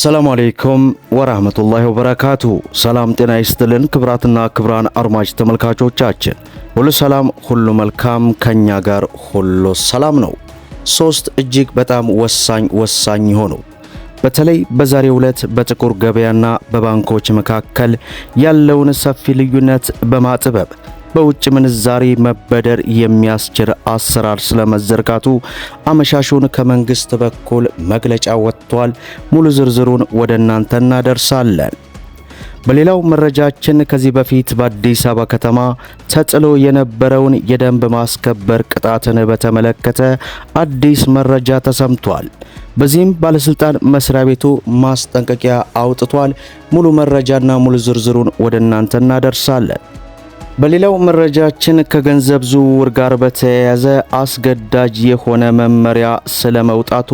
ሰላም አለይኩም ወራህመቱላሂ ወበረካቱ። ሰላም ጤና ይስጥልን ክብራትና ክብራን አድማጭ ተመልካቾቻችን ሁሉ ሰላም ሁሉ መልካም፣ ከኛ ጋር ሁሉ ሰላም ነው። ሶስት እጅግ በጣም ወሳኝ ወሳኝ የሆኑ በተለይ በዛሬው ዕለት በጥቁር ገበያና በባንኮች መካከል ያለውን ሰፊ ልዩነት በማጥበብ በውጭ ምንዛሬ መበደር የሚያስችል አሰራር ስለመዘርጋቱ አመሻሹን ከመንግስት በኩል መግለጫ ወጥቷል። ሙሉ ዝርዝሩን ወደ እናንተ እናደርሳለን። በሌላው መረጃችን ከዚህ በፊት በአዲስ አበባ ከተማ ተጥሎ የነበረውን የደንብ ማስከበር ቅጣትን በተመለከተ አዲስ መረጃ ተሰምቷል። በዚህም ባለስልጣን መስሪያ ቤቱ ማስጠንቀቂያ አውጥቷል። ሙሉ መረጃና ሙሉ ዝርዝሩን ወደ እናንተ እናደርሳለን። በሌላው መረጃችን ከገንዘብ ዝውውር ጋር በተያያዘ አስገዳጅ የሆነ መመሪያ ስለመውጣቱ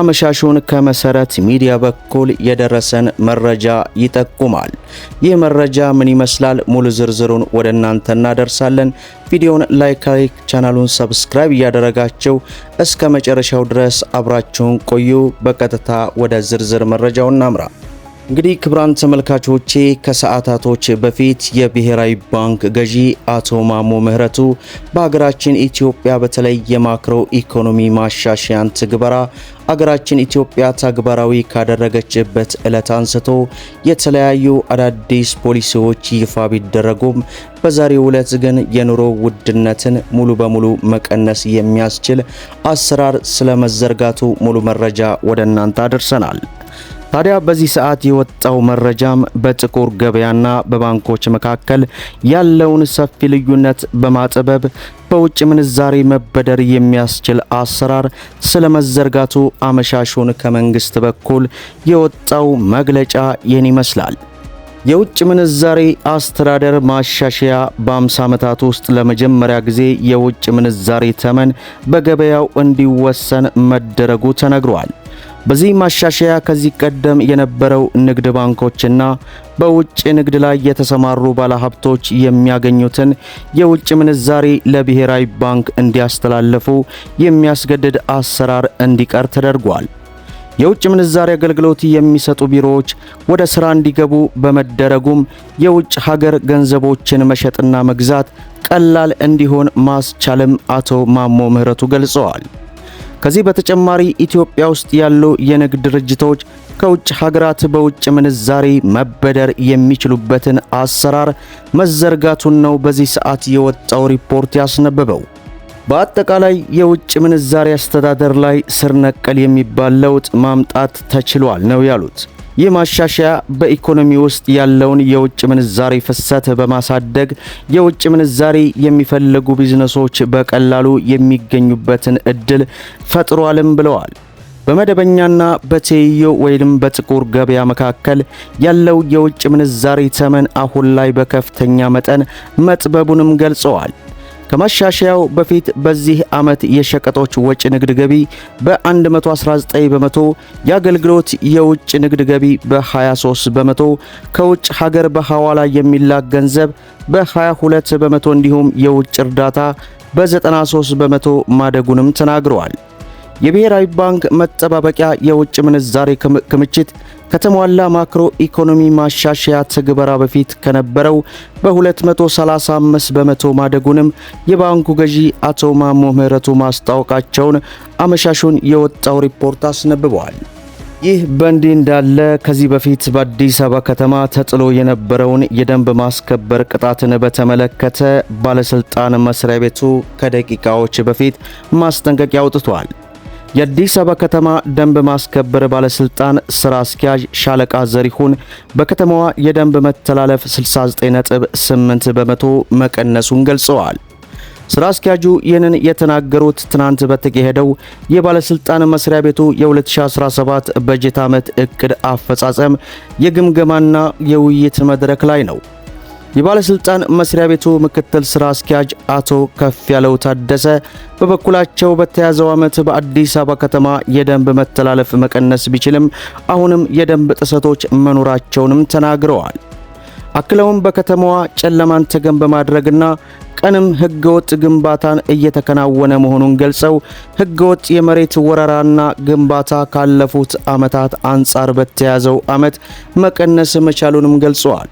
አመሻሹን ከመሰረት ሚዲያ በኩል የደረሰን መረጃ ይጠቁማል። ይህ መረጃ ምን ይመስላል? ሙሉ ዝርዝሩን ወደ እናንተ እናደርሳለን። ቪዲዮውን ላይክ ላይክ ቻናሉን ሰብስክራይብ እያደረጋቸው እስከ መጨረሻው ድረስ አብራችሁን ቆዩ። በቀጥታ ወደ ዝርዝር መረጃው እናምራ። እንግዲህ ክቡራን ተመልካቾቼ ከሰዓታቶች በፊት የብሔራዊ ባንክ ገዢ አቶ ማሞ ምህረቱ በሀገራችን ኢትዮጵያ በተለይ የማክሮ ኢኮኖሚ ማሻሻያን ትግበራ አገራችን ኢትዮጵያ ተግባራዊ ካደረገችበት ዕለት አንስቶ የተለያዩ አዳዲስ ፖሊሲዎች ይፋ ቢደረጉም በዛሬው ዕለት ግን የኑሮ ውድነትን ሙሉ በሙሉ መቀነስ የሚያስችል አሰራር ስለመዘርጋቱ ሙሉ መረጃ ወደ እናንተ አድርሰናል። ታዲያ በዚህ ሰዓት የወጣው መረጃም በጥቁር ገበያና በባንኮች መካከል ያለውን ሰፊ ልዩነት በማጥበብ በውጭ ምንዛሬ መበደር የሚያስችል አሰራር ስለመዘርጋቱ አመሻሹን ከመንግስት በኩል የወጣው መግለጫ ይህን ይመስላል። የውጭ ምንዛሬ አስተዳደር ማሻሻያ በ50 ዓመታት ውስጥ ለመጀመሪያ ጊዜ የውጭ ምንዛሬ ተመን በገበያው እንዲወሰን መደረጉ ተነግሯል። በዚህ ማሻሻያ ከዚህ ቀደም የነበረው ንግድ ባንኮችና በውጭ ንግድ ላይ የተሰማሩ ባለሀብቶች የሚያገኙትን የውጭ ምንዛሪ ለብሔራዊ ባንክ እንዲያስተላልፉ የሚያስገድድ አሰራር እንዲቀር ተደርጓል። የውጭ ምንዛሪ አገልግሎት የሚሰጡ ቢሮዎች ወደ ሥራ እንዲገቡ በመደረጉም የውጭ ሀገር ገንዘቦችን መሸጥና መግዛት ቀላል እንዲሆን ማስቻልም አቶ ማሞ ምህረቱ ገልጸዋል። ከዚህ በተጨማሪ ኢትዮጵያ ውስጥ ያሉ የንግድ ድርጅቶች ከውጭ ሀገራት በውጭ ምንዛሪ መበደር የሚችሉበትን አሰራር መዘርጋቱን ነው በዚህ ሰዓት የወጣው ሪፖርት ያስነበበው። በአጠቃላይ የውጭ ምንዛሪ አስተዳደር ላይ ስር ነቀል የሚባል ለውጥ ማምጣት ተችሏል ነው ያሉት። ይህ ማሻሻያ በኢኮኖሚ ውስጥ ያለውን የውጭ ምንዛሬ ፍሰት በማሳደግ የውጭ ምንዛሬ የሚፈልጉ ቢዝነሶች በቀላሉ የሚገኙበትን እድል ፈጥሯልም ብለዋል። በመደበኛና በትይዩ ወይም በጥቁር ገበያ መካከል ያለው የውጭ ምንዛሬ ተመን አሁን ላይ በከፍተኛ መጠን መጥበቡንም ገልጸዋል። ከማሻሻያው በፊት በዚህ ዓመት የሸቀጦች ወጪ ንግድ ገቢ በ119 በመቶ፣ የአገልግሎት የውጭ ንግድ ገቢ በ23 በመቶ፣ ከውጭ ሀገር በሐዋላ የሚላክ ገንዘብ በ22 በመቶ እንዲሁም የውጭ እርዳታ በ93 በመቶ ማደጉንም ተናግረዋል። የብሔራዊ ባንክ መጠባበቂያ የውጭ ምንዛሬ ክምችት ከተሟላ ማክሮ ኢኮኖሚ ማሻሻያ ትግበራ በፊት ከነበረው በ235 በመቶ ማደጉንም የባንኩ ገዢ አቶ ማሞ ምህረቱ ማስታወቃቸውን አመሻሹን የወጣው ሪፖርት አስነብበዋል። ይህ በእንዲህ እንዳለ ከዚህ በፊት በአዲስ አበባ ከተማ ተጥሎ የነበረውን የደንብ ማስከበር ቅጣትን በተመለከተ ባለስልጣን መስሪያ ቤቱ ከደቂቃዎች በፊት ማስጠንቀቂያ አውጥቷል። የአዲስ አበባ ከተማ ደንብ ማስከበር ባለስልጣን ስራ አስኪያጅ ሻለቃ ዘሪሁን በከተማዋ የደንብ መተላለፍ 69.8 በመቶ መቀነሱን ገልጸዋል። ስራ አስኪያጁ ይህንን የተናገሩት ትናንት በተካሄደው የባለስልጣን መስሪያ ቤቱ የ2017 በጀት ዓመት እቅድ አፈጻጸም የግምገማና የውይይት መድረክ ላይ ነው። የባለስልጣን መስሪያ ቤቱ ምክትል ስራ አስኪያጅ አቶ ከፍ ያለው ታደሰ በበኩላቸው በተያዘው ዓመት በአዲስ አበባ ከተማ የደንብ መተላለፍ መቀነስ ቢችልም አሁንም የደንብ ጥሰቶች መኖራቸውንም ተናግረዋል። አክለውም በከተማዋ ጨለማን ተገን በማድረግና ቀንም ህገወጥ ግንባታን እየተከናወነ መሆኑን ገልጸው ህገወጥ የመሬት ወረራና ግንባታ ካለፉት ዓመታት አንጻር በተያዘው ዓመት መቀነስ መቻሉንም ገልጸዋል።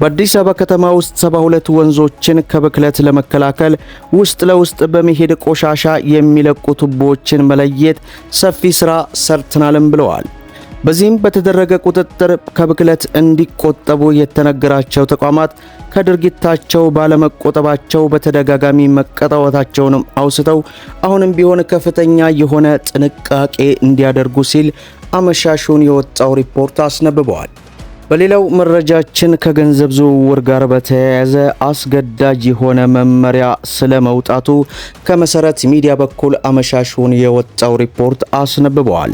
በአዲስ አበባ ከተማ ውስጥ 72 ወንዞችን ከብክለት ለመከላከል ውስጥ ለውስጥ በመሄድ ቆሻሻ የሚለቁ ቱቦዎችን መለየት ሰፊ ስራ ሰርተናልም ብለዋል። በዚህም በተደረገ ቁጥጥር ከብክለት እንዲቆጠቡ የተነገራቸው ተቋማት ከድርጊታቸው ባለመቆጠባቸው በተደጋጋሚ መቀጣወታቸውንም አውስተው አሁንም ቢሆን ከፍተኛ የሆነ ጥንቃቄ እንዲያደርጉ ሲል አመሻሹን የወጣው ሪፖርት አስነብበዋል። በሌላው መረጃችን ከገንዘብ ዝውውር ጋር በተያያዘ አስገዳጅ የሆነ መመሪያ ስለ መውጣቱ ከመሰረት ሚዲያ በኩል አመሻሹን የወጣው ሪፖርት አስነብበዋል።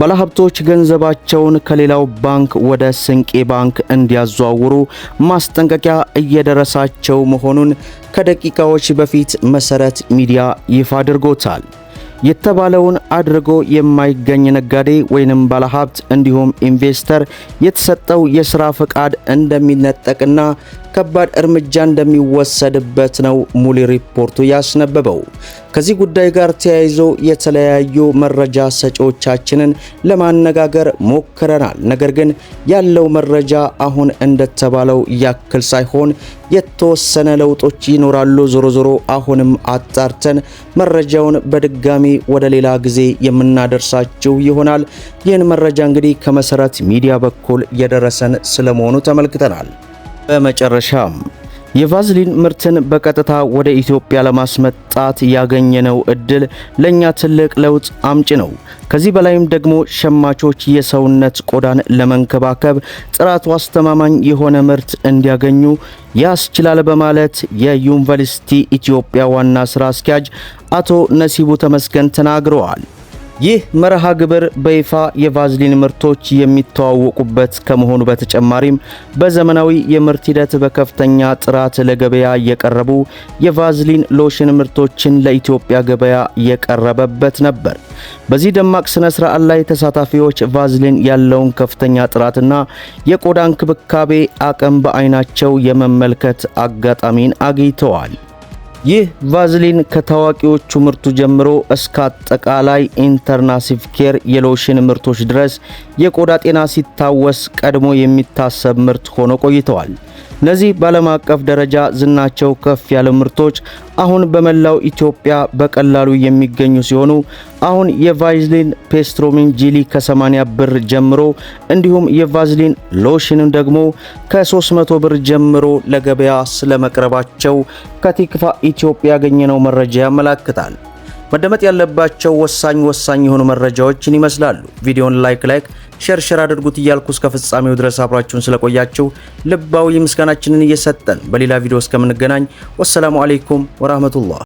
ባለሀብቶች ገንዘባቸውን ከሌላው ባንክ ወደ ስንቄ ባንክ እንዲያዘዋውሩ ማስጠንቀቂያ እየደረሳቸው መሆኑን ከደቂቃዎች በፊት መሰረት ሚዲያ ይፋ አድርጎታል። የተባለውን አድርጎ የማይገኝ ነጋዴ ወይንም ባለሀብት እንዲሁም ኢንቬስተር የተሰጠው የሥራ ፈቃድ እንደሚነጠቅና ከባድ እርምጃ እንደሚወሰድበት ነው ሙሊ ሪፖርቱ ያስነበበው። ከዚህ ጉዳይ ጋር ተያይዞ የተለያዩ መረጃ ሰጪዎቻችንን ለማነጋገር ሞክረናል። ነገር ግን ያለው መረጃ አሁን እንደተባለው ያክል ሳይሆን የተወሰነ ለውጦች ይኖራሉ። ዞሮ ዞሮ አሁንም አጣርተን መረጃውን በድጋሚ ወደ ሌላ ጊዜ የምናደርሳችሁ ይሆናል። ይህን መረጃ እንግዲህ ከመሰረት ሚዲያ በኩል የደረሰን ስለመሆኑ ተመልክተናል። በመጨረሻም የቫዝሊን ምርትን በቀጥታ ወደ ኢትዮጵያ ለማስመጣት ያገኘነው እድል ለእኛ ትልቅ ለውጥ አምጪ ነው። ከዚህ በላይም ደግሞ ሸማቾች የሰውነት ቆዳን ለመንከባከብ ጥራቱ አስተማማኝ የሆነ ምርት እንዲያገኙ ያስችላል በማለት የዩኒቨርሲቲ ኢትዮጵያ ዋና ስራ አስኪያጅ አቶ ነሲቡ ተመስገን ተናግረዋል። ይህ መርሃ ግብር በይፋ የቫዝሊን ምርቶች የሚተዋወቁበት ከመሆኑ በተጨማሪም በዘመናዊ የምርት ሂደት በከፍተኛ ጥራት ለገበያ የቀረቡ የቫዝሊን ሎሽን ምርቶችን ለኢትዮጵያ ገበያ የቀረበበት ነበር። በዚህ ደማቅ ስነ ስርዓት ላይ ተሳታፊዎች ቫዝሊን ያለውን ከፍተኛ ጥራትና የቆዳ እንክብካቤ አቅም በአይናቸው የመመልከት አጋጣሚን አግኝተዋል። ይህ ቫዝሊን ከታዋቂዎቹ ምርቱ ጀምሮ እስከ አጠቃላይ ኢንተርናሲቭ ኬር የሎሽን ምርቶች ድረስ የቆዳ ጤና ሲታወስ ቀድሞ የሚታሰብ ምርት ሆኖ ቆይተዋል። እነዚህ በዓለም አቀፍ ደረጃ ዝናቸው ከፍ ያለ ምርቶች አሁን በመላው ኢትዮጵያ በቀላሉ የሚገኙ ሲሆኑ አሁን የቫዝሊን ፔስትሮሚን ጂሊ ከ80 ብር ጀምሮ እንዲሁም የቫዝሊን ሎሽንን ደግሞ ከ300 ብር ጀምሮ ለገበያ ስለመቅረባቸው ከቲክፋ ኢትዮጵያ ያገኘነው መረጃ ያመላክታል። መደመጥ ያለባቸው ወሳኝ ወሳኝ የሆኑ መረጃዎችን ይመስላሉ። ቪዲዮን ላይክ ላይክ ሸርሸር አድርጉት እያልኩ እስከ ፍጻሜው ድረስ አብራችሁን ስለቆያችሁ ልባዊ ምስጋናችንን እየሰጠን በሌላ ቪዲዮ እስከምንገናኝ ወሰላሙ አሌይኩም ወራህመቱላህ